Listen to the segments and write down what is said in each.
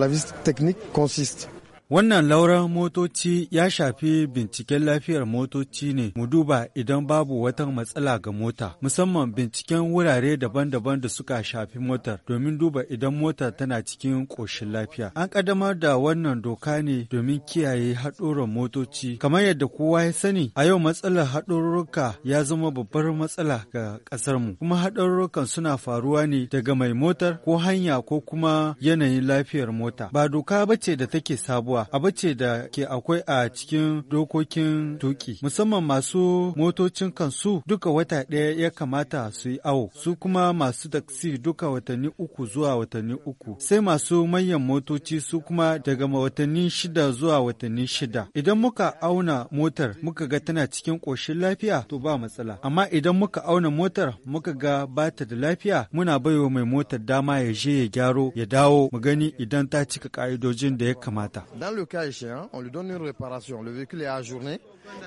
La visite technique consiste Wannan lauran motoci ya shafi binciken lafiyar motoci ne mu duba idan babu wata matsala ga mota, musamman binciken wurare daban-daban da suka shafi motar domin duba idan motar tana cikin ƙoshin lafiya. An ƙaddamar da wannan doka ne domin kiyaye haɗurran motoci. Kamar yadda kowa ya sani, a yau matsalar haɗururruka ya zama babbar matsala ga ƙasar mu kuma haɗururrukan suna faruwa ne daga mai motar ko hanya ko kuma yanayin lafiyar mota. Ba doka bace da take sabuwa guba abu ce da ke akwai a cikin dokokin tuki musamman masu motocin kansu duka wata ɗaya ya kamata su yi awo su kuma masu taksi duka watanni uku zuwa watanni uku sai masu manyan motoci su kuma daga watanni shida zuwa watanni shida idan muka auna motar muka ga tana cikin ƙoshin lafiya to ba matsala amma idan muka auna motar muka ga bata da lafiya muna baiwa mai motar dama ya je ya gyaro ya dawo mu gani idan ta cika ƙa'idojin da ya kamata. Dans le cas échéant, on lui donne une réparation. Le véhicule est ajourné.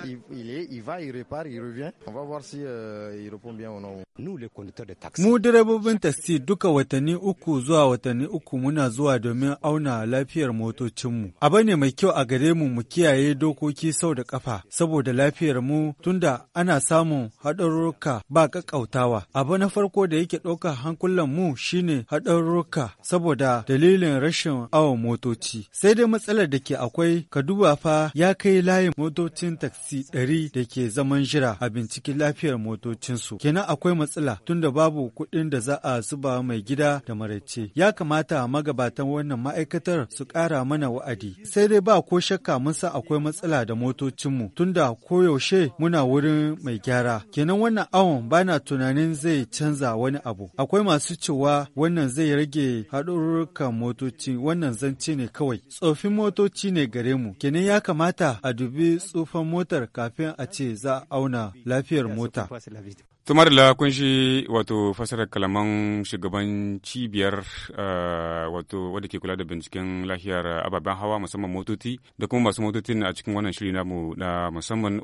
Il, il, est, il va, il il revient. On va voir si euh, il répond bien ou non. Nous, les conducteurs de taxi. Mu direbobin taxi duka watanni uku zuwa watanni uku muna zuwa domin auna lafiyar motocinmu. Abu ne mai kyau a gare mu mu kiyaye dokoki sau da kafa saboda lafiyar mu tunda ana samun haɗarruka ba kakkautawa. Abu na farko da yake ɗaukar hankulan mu shine haɗarruka saboda dalilin rashin awon motoci. Sai dai matsalar da ke akwai ka duba fa ya kai layin motocin taxi. taksi ɗari da ke zaman jira a binciken lafiyar motocinsu. Kenan akwai matsala tunda babu kuɗin da za a zuba mai gida da maraice. Ya kamata magabatan wannan ma'aikatar su ƙara mana wa'adi. Sai dai ba ko shakka mun sa akwai matsala da motocinmu tunda koyaushe muna wurin mai gyara. Kenan wannan awon bana tunanin zai canza wani abu. Akwai masu cewa wannan zai rage haɗururrukan motoci wannan zance ne kawai. Tsofin motoci ne gare mu. Kenan ya kamata a dubi tsufan motar kafin a ce za a auna lafiyar mota. tumar da kun shi wato fasarar kalaman shugaban cibiyar eh, wato wadda ke kula da binciken lafiyar ababen hawa musamman motoci da kuma masu motocin a cikin wannan shiri namu na musamman